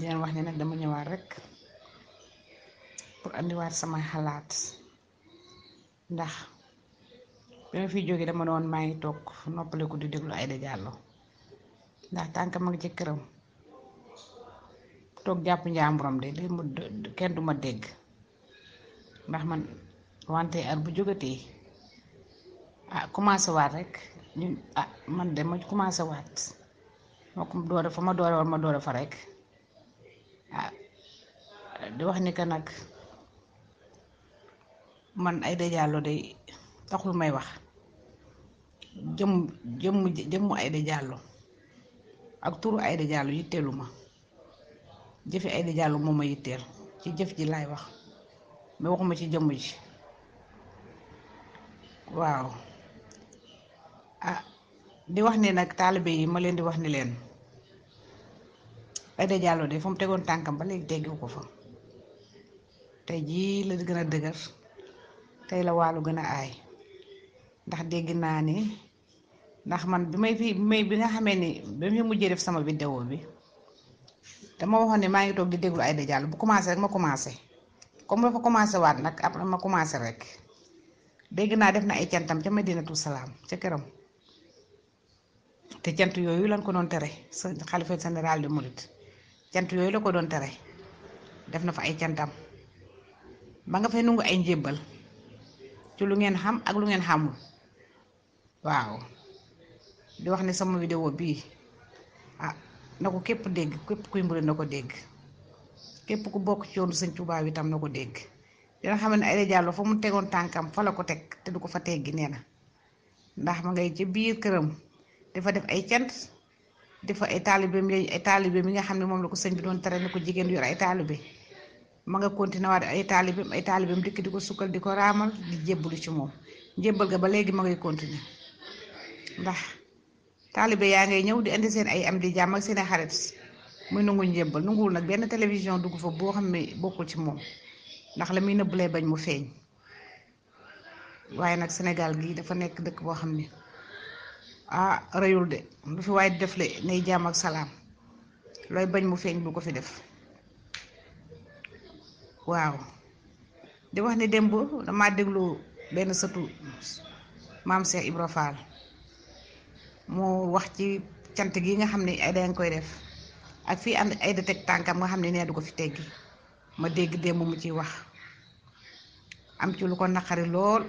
di wax ne nag dama ñëwaat rek pour andiwaat sama xalaat ndax bi ma fiy jógee dama doon maa ngi toog ku di déglu Aïda Diallo ndax tànk mag jëkkëram toog jàpp njàmburam de li kenn du ma dégg ndax man wante ar bu jógatee ah commencé waat rek ñun ah man de ma commencé waat ma doore fa ma doore ma doore fa rek di wax ni que nag man Aida Diallo day taxul may wax jëm jëm jëmmu Aida Diallo ak turu Aida Diallo yitteelu ma jëfi Aida Diallo moo ma yitteel ci jëf ji laay wax mais waxuma ci jëmm ji waaw ah di wax ni nag taalibe yi ma leen di wax ni leen Aida Diallo de fa mu tegoon tànkam ba léegi ko fa tey jii la gën a dëgër tey la waalu gën a ay ndax dégg naa ni ndax man bi may fi bi may bi nga xamee ni ba mu mujjee def sama vidéo bi dama waxoon ne maa ngi toog di déglu Aida Diallo bu commencé rek ma commencé comme dafa commencé waat nag après ma commencé rek dégg naa def na ay cantam ca Madinatu Salaam ca këram te cant yooyu lan ko doon tere sa xalifa général de Mouride. cant yooyu la ko doon tere def na fa ay cantam ba nga fay nungu ay njébbal ci lu ngeen xam ak lu ngeen xamul waaw di wax ne sama vidéo bii ah na ko képp dégg képp kuy mburi na ko dégg képp ku bokk ci yoonu sëñ Tuubaa itam na ko dégg dina xam ne Aida Diallo fa mu tegoon tànkam fa la ko teg te du ko fa teggi nee na ndax ma ngay ca biir këram dafa def ay cant dafa ay taalibeem lañ ay taalibeem yi nga xam ne moom la ko sëñ bi doon tere ne ko jigéen yor ay taalibe ma nga continué waat ay taalibeem ay taalibeem dikk di ko sukkal di ko raamal di jébbalu ci moom jébbal ga ba léegi ma ngay continué ndax taalibe yaa ngay ñëw di indi seen ay am di jàmm ak seen i xarit muy nanguñ jébbal nanguwul nag benn télévision dugg fa boo xam ne bokkul ci moom ndax la muy nëbb lay bañ mu feeñ waaye nag Sénégal gii dafa nekk dëkk boo xam ni ah rëyul de lu fi waaye def le nay jàmm ak salaam looy bañ mu feeñ bu ko fi def waaw di wax ni démb damaa déglu benn satu maam Cheikh Ibra Fall mu wax ci cant gi nga xam ne ay dañ koy def ak fii am ay da teg tànkam nga xam ne nee du ko fi teggi ma dégg démb mu ciy wax am ci lu ko naqari lool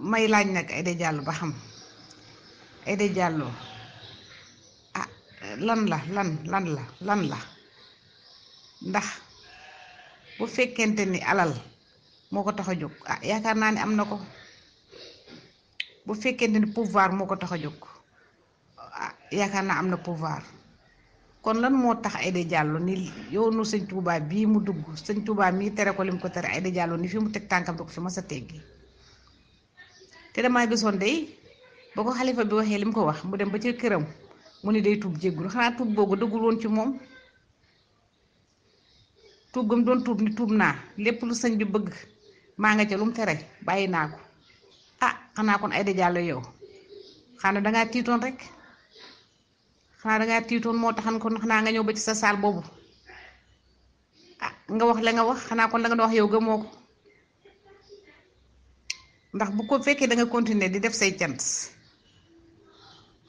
may laaj nag ay Aida Diallo ba xam Aida jàlloo ah lan la lan lan la lan la ndax boo fekkente ni alal moo ko tax a jóg ah yaakaar naa ni am na ko bu fekkente ni pouvoir moo ko tax a jóg ah yaakaar naa am na pouvoir kon lan moo tax ay Aida Diallo ni yoonu sëñ Touba bii mu dugg sëñ Touba mii tere ko lim ko tere Aida Diallo ni fi mu teg tànkam du ko fi mas a teggi te damaa gisoon day ba ko xalifa bi waxee li mu ko wax mu dem ba ci këram mu ne day tuub jéggul xanaa tuub boobu dëggul woon ci moom tuub gam doon tuub ni tuub naa lépp lu sëñ bi bëgg maa nga ca lu mu tere bàyyi naa ko ah xanaa kon ay dajàllo yow xanaa dangaa tiitoon rek xanaa dangaa tiitoon moo taxan kon xanaa nga ñëw ba ci sa saal boobu ah nga wax la nga wax xanaa kon la nga wax yow gëmoo ko ndax bu ko fekkee da nga continuer di def say cant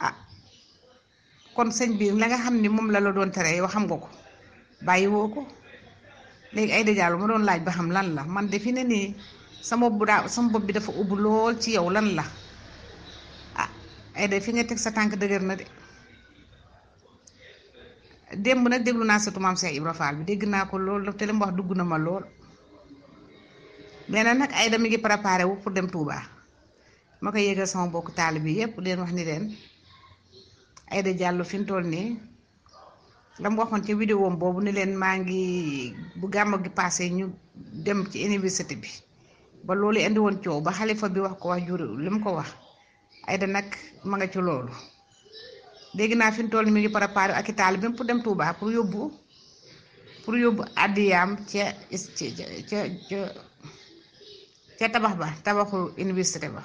ah kon sëñ bi la nga xam ni moom la la doon tere yow xam nga ko bàyyiwoo ko léegi ay dajaal ma doon laaj ba xam lan la man de fi ne nii sama bopp daa sama bopp bi dafa ubbu lool ci yow lan la ah ay da fi nga teg sa tànk dëgër na de démb nag déglu naa sa tumaam Cheikh Ibra Fall bi dégg naa ko lool te li mu wax dugg na ma lool. beneen nag Aida mi ngi préparé wu pour dem Touba ma koy yëgal sama mbokk taalibe bi yépp leen wax ni leen Aida Diallo fi mu toll nii la mu waxoon ci vidéo boobu ni leen maa ngi bu gàmm gi passé ñu dem ci université bi ba loolu indi woon coow ba xalifa bi wax ko wax jur li mu ko wax ayda nag ma nga ci loolu léegi naa fi mu toll mi ngi préparé ak i taalibe bi pour dem Touba pour yóbbu pour yóbbu addiyaam ca ca ca. tabax ba tabaxu université ba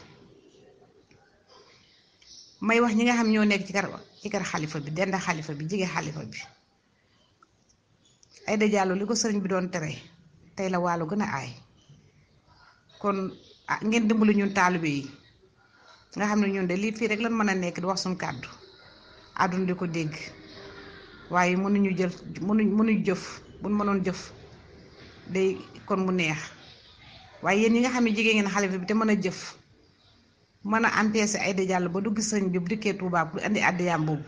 may wax ñi nga xam ñoo nekk ci kar kar xalifa bi denda xalifa bi jige xalifa bi Aida Diallo li ko sëriñ bi doon tere tey la wàllu gën a aay kon ah, ngeen dimbali ñun taalibe yi nga xam ne ñun de lii fii rek lan mën a nekk di wax suñ kàddu àdduna di ko dégg waaye mënuñu jël mënuñ mënuñ jëf buñ mënoon jëf day kon mu neex waaye yéen yi nga xam ne jigéen ngeen xalifa bi te mën a jëf mën a empêcher Aida Diallo ba gis sëñ bi bu dikkee Touba bu indi addiyaam boobu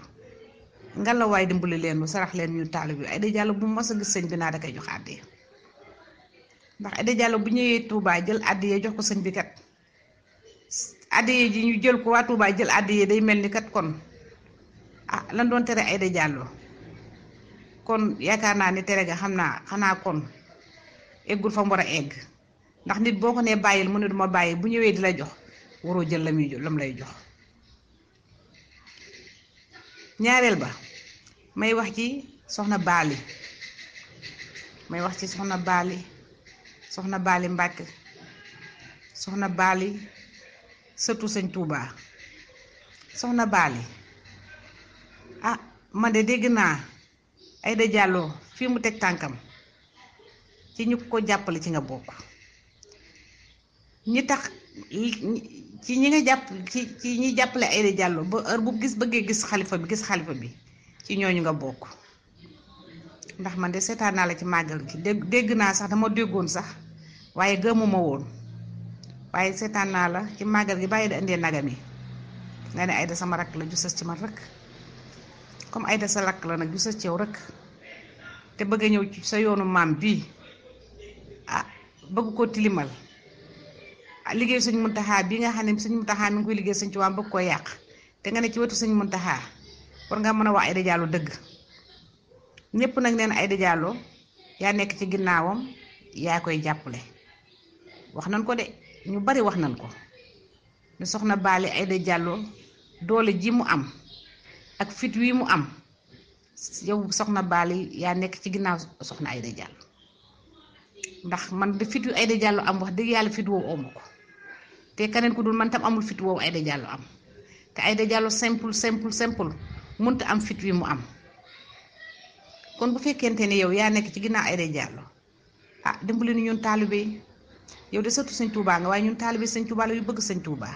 ngallaawaay dimbali leen lu sarax leen ñu taalib yi Aida Diallo bu mos a gis sëñ bi naa da koy jox addiya ndax Aida Diallo bu ñëwee tuubaa jël addiya jox ko sëñ bi kat addiya ji ñu jël ko waa Touba jël addiya day mel ni kat kon ah lan doon tere Aida Diallo kon yaakaar naa ni tere ga xam naa xanaa kon eggul fa mu war a egg. ndax nit boo ko nee bàyyil mu ne duma bàyyi bu ñëwee di la jox waroo jël la muy lam lay jox ñaareel ba may wax ci soxna baali may wax ci soxna baali soxna baali Mbàkke soxna baali sëtu sëñ Tuubaa soxna baali ah man de dégg naa Aida jàlloo fi mu teg tànkam ci ñu ko jàppale ci nga bokk ñi tax ci ñi nga jàpp ci ci ñi jàppale Aida Diallo ba heure bu gis bëggee gis xalifa bi gis xalifa bi ci ñooñu nga bokk ndax man de seetaan naa la ci màggal gi dégg naa sax dama déggoon sax waaye gëmuma woon waaye seetaan naa la ci màggal gi bàyyi da indee nagam yi nga ne Aida sama rakk la ju sës ci man rekk comme Aida sa rakk la nag ju sës ci yow rek te bëgg ñëw ci sa yoonu maam bii ah bëgg ko tilimal liggéey mun taxaa bi nga xam ne sëñ Muntaxa mi ngi koy liggéey sëñ Tuubaa bëgg ko yàq te nga ne ci wetu sëñ Muntaxa war nga mën a wax Aïda Diallo dëgg ñëpp nag neen Aïda Diallo yaa nekk ci ginnaawam yaa koy jàppale wax nañ ko de ñu bari wax nañ ko soxna Baali Aïda Diallo doole ji mu am ak fit wi mu am yow soxna Baali yaa nekk ci ginnaaw soxna Aïda Diallo ndax man de fit yu Aïda Diallo am wax dëgg yàlla fit woo omu ko te keneen ku dul man tam amul fit woowu Aïda Diallo am te Aïda Diallo simple simple simple mënut am fit wi mu am kon bu fekkente ne yow yaa nekk ci ginnaaw Aïda Diallo ah dimbali nu ñun taalibe yi yow de sëtu sëñ Touba nga waaye ñun taalibe sëñ Touba la yu bëgg sëñ Touba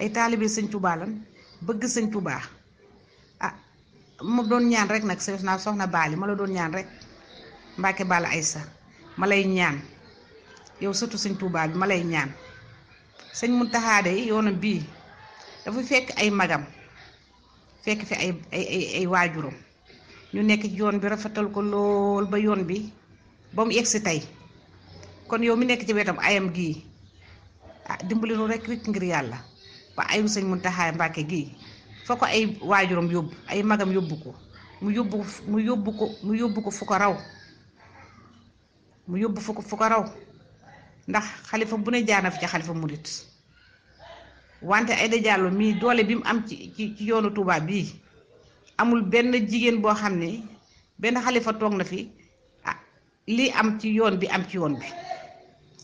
ay taalibe sëñ Touba lan bëgg sëñ Touba ah ma doon ñaan rek nag sa naa soxna Baali ma la doon ñaan rek Mbacke Baali Aïssa ma lay ñaan. yow sëtu sëñ Tuubaa bi ma lay ñaan sëñ Muntaxaa de yoonam bii dafa fekk ay magam fekk fi ay ay waajuram ñu nekk ci yoon bi rafetal ko lool ba yoon bi ba mu yegsi tey kon yow mi nekk ci wetam ayam gii ah dimbali nu rek ngir yàlla ba ayum sëñ Muntaxaa Mbàkke gii fa ko ay waajuram yóbbu ay magam yóbbu ko mu yóbbu mu yóbbu ko mu yóbbu ko fu ko raw mu yóbbu fu ko raw ndax xalifa bu ne jaar na fi ca xalifa murit wante Aïda Diallo mii doole bi mu am ci ci yoonu Touba bii amul benn jigéen boo xam ne benn xalifa toog na fi ah lii am ci yoon bi am ci yoon bi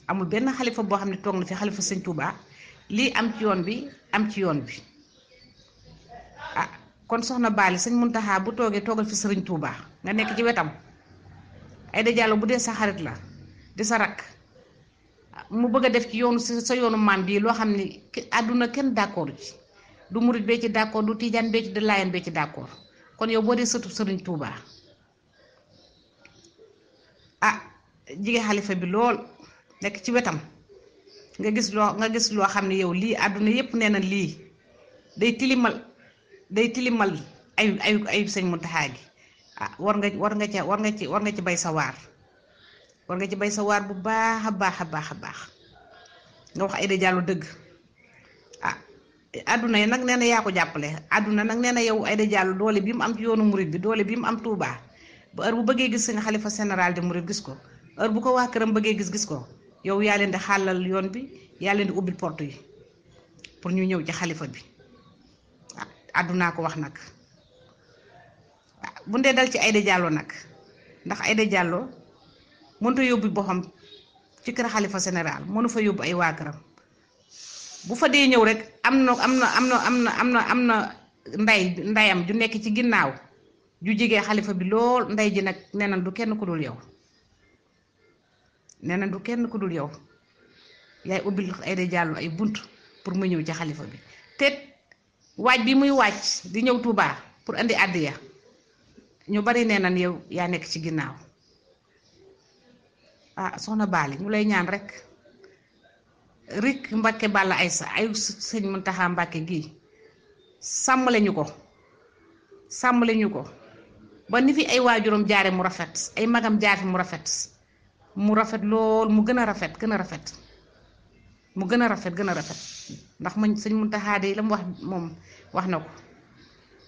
amul benn xalifa boo xam ne toog na fi xalifa sëñ lii am ci yoon bi am ci yoon bi ah kon soxna Baali sëñ taxaa bu toogee toogal fi sëriñ Touba nga nekk ci wetam Aïda Diallo bu dee sa xarit la di sa rakk. mu bëgg a def ci yoonu sa yoonu maam bii loo xam ni àdduna kenn d'accord ci du murit bee ci d'accord du tiijaan bee ci du laayaan bee ci d'accord kon yow boo dee sëtu sëriñ Touba ah jige xalifa bi lool nekk ci wetam nga gis loo nga gis loo xam ni yow lii àdduna yépp nee na lii day tilimal day tilimal ay ay ay sëñ Muntaxa gi ah war nga war nga ca war nga ci war nga ci bay sa waar war nga ci bay sa waar bu baax a baax a baax a baax nga wax Aïda Diallo dëgg ah àdduna yi nag nee yaa ko jàppale àdduna nag nee na yow Aïda Diallo doole bi mu am yoonu murit bi doole bi mu am Touba ba heure bu bëggee gis seen xalifa général de murit gis ko heure bu ko waa këram bëggee gis gis ko yow yaa leen di xàllal yoon bi yaa leen di ubbil porte yi pour ñu ñëw ci xalifa bi ah àddunaa ko wax nag ah, bu ndee dal ci Aïda Diallo nag ndax Aïda Diallo mënut a yóbbu boppam ci kër xalifa général mënu fa yóbbu ay waa bu fa dee ñëw rek am na am na am na am na am na am na nday ndayam ju nekk ci ginnaaw ju jege xalifa bi lool nday ji nag nee na du kenn ku dul yow nee na du kenn ku dul yow yaay ubbil ay de jàllu ay bunt pour mu ñëw ci xalifa bi te waaj bi muy waaj di ñëw tuubaa pour indi àddiya ñu bari nee nan yow yaa nekk ci ginnaaw ah soxna Bali ñu lay ñaan rek rik Mbacke Balla Aysa ay sëñ Muntaxa Mbacke gii sàmmale ñu ko sàmmale ñu ko ba ni fi ay waajuram jaare mu rafet ay magam jaar fi mu rafet mu rafet lool mu gën a rafet gën a rafet mu gën a rafet gën a rafet ndax man sëñ Muntaxa de la mu wax moom wax na ko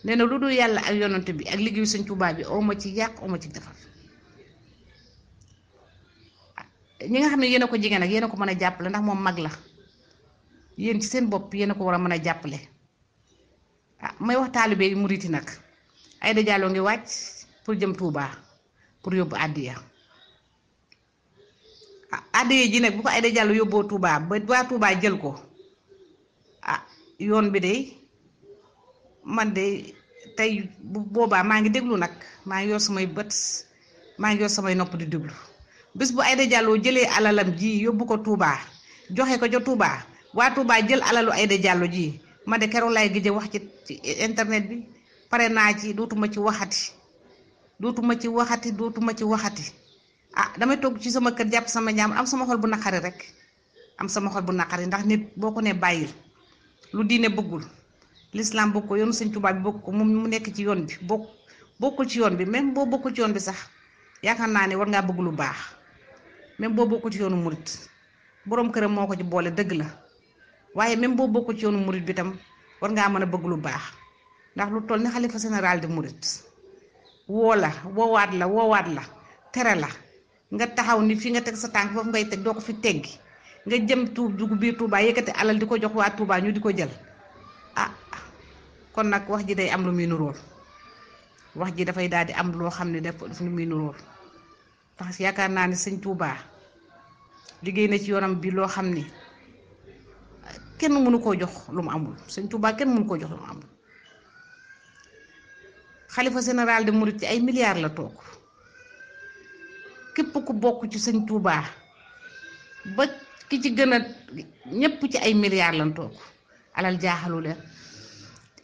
nee na lu dul yàlla ak yonante bi ak liggéeyu sëñ Tuubaa bi oma ci yàq oma ci defar ñi nga xam ne yéen a ko jigéen ak yéen ko mën a jàppale ndax moom mag la yéen ci seen bopp yéen a ko war a mën a jàppale ah may wax taalibe yi murit yi nag Aida Diallo ngi wàcc pour jëm Touba pour yóbbu àddiya ah àddiya ji nag bu ko Aida yóbboo Touba ba waa Touba jël ko ah yoon bi de man de tey bu boobaa maa ngi déglu nag maa ngi yor samay bët maa ngi yor samay nopp di déglu. bis bu Aïda Diallo jëlee alalam ji yóbbu ko tuubaa joxe ko ca Touba waa Touba jël alalu Aïda Diallo ji ma de keroog laay gëj wax ci ci internet bi pare naa ci dootuma ci waxati dootuma ci waxati dootuma ci waxati ah damay toog ci sama kër jàpp sama ñaam am sama xol bu naqari rek am sama xol bu naqari ndax nit boo ko ne bàyyil lu diine bëggul l'islam bëgg ko yoonu sëñ Touba bi bëgg ko moom mu nekk ci yoon bi bokk bokkul ci yoon bi même boo bokkul ci bi sax yaakaar naa ne war ngaa bëgg lu baax. même boo bokkul ci yoonu murit boroom këram moo ko ci boole dëgg la waaye même boo bokkul ci yoonu murit bi tam war ngaa mën a bëgg lu baax ndax lu toll ni xalifa sénéral di murit woo la woowaat la woowaat la tere la nga taxaw ni fi nga teg sa tànk foofu ngay teg doo ko fi teggi nga jëm tuub dugg biir Touba yëkkati alal di ko jox waa Touba ñu di ko jël ah kon nag wax ji day am lu muy nuróol wax ji dafay daal di am loo xam ne def lu muy nuróol parce yaakaar naa ni sëñ tuubaa liggéey na ci yoonam bi loo xam ni kenn mënu koo jox lu mu amul sëñ Touba kenn mënu koo jox lu mu amul xalifa général de Mouride ci ay milliards la toog képp ku bokk ci sëñ Touba ki ci gën a ñépp ci ay milliards lañ toog alal jaaxalu leen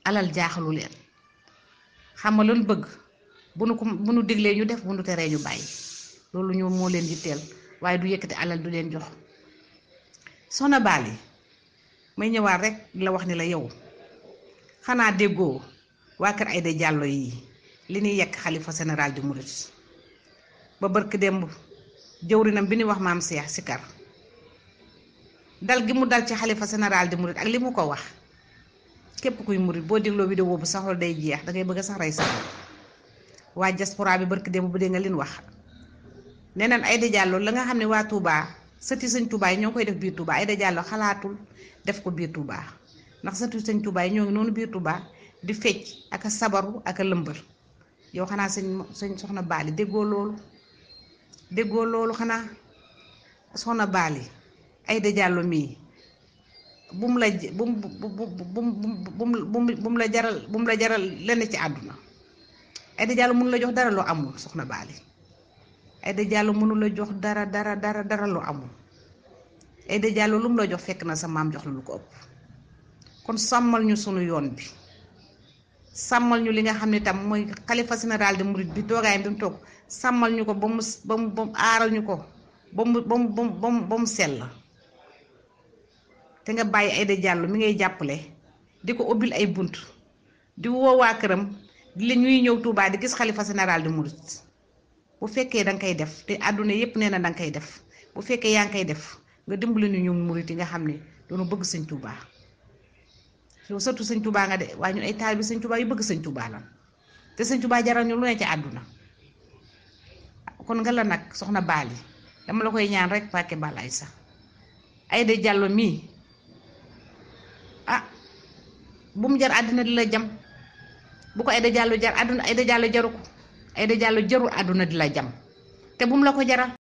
alal jaaxalu leen xam nga lan bëgg bu nu ko bu nu diglee ñu def bu nu teree ñu bàyyi. loolu ñoo moo leen yitteel waaye du yëkkati alal du leen jox soxna Bali may ñëwaat rekk la wax ni la yow xanaa déggoo waa kër Aïda Diallo yi li ñuy yekk xalifa général di murit ba barki démb jëwrinam bi ñuy wax maam Cheikh Sikar dal gi mu dal ci xalifa général di murit ak li mu ko wax képp kuy murit boo dégloo vidéo bu saxol day jeex dangay bëgg sax rey sax waa diaspora bi barki démb bu dee nga leen wax nee nañ Aïda Diallo la nga xam ne waa Touba sëti sëñ Touba yi ñoo koy def biir Touba Aïda Diallo xalaatul def ko biir Touba ndax sëti sëñ Touba yi ñoo ngi noonu biir Touba di fecc ak a sabaru ak a lëmbër yow xanaa sëñ sëñ soxna Baali déggoo loolu déggoo loolu xanaa soxna Baali Aïda Diallo mii bum la bum bum bum la jaral bum la jaral lenn ci àdduna Aïda Diallo mun la jox dara loo amul soxna Baali. Aïda Diallo mënula jox dara dara dara dara lu amul Aïda Diallo la jox fekk na sa maam jox la lu ñu sunu yoon bi sàmmal ñu li nga xam ne tam mooy xalifa général de Mouride bi toogaayam bi mu toog sàmmal ñu ko ñu ko mu ba mu ba bàyyi Aïda Diallo mi ngay jàppale di ko ubbil ay bunt di woo waa këram di la ñuy ñëw tuubaa di gis xalifa général de Mouride. bu fekkee danga nga koy def te àdduna yépp nee na da nga koy def bu fekkee yaa ngi koy def nga dimbali ni ñun murit yi nga xam ne doonu bëgg sëñ Tuubaa yow surtout sëñ Tuubaa nga de waaye ñu ay taalibe sëñ Tuubaa yu bëgg sañ Tuubaa lan te sëñ Tuubaa jaral ñu lu ne ci àdduna kon nga la nag soxna baal yi dama la koy ñaan rek pàkke bal ay sax ay de jàllo mii ah bu mu jar àddina di la jam bu ko ay de jàllo jar àdduna ay de jàllo jaru ko Aïda Diallo jarul àdduna di la jam te bu la ko jaral.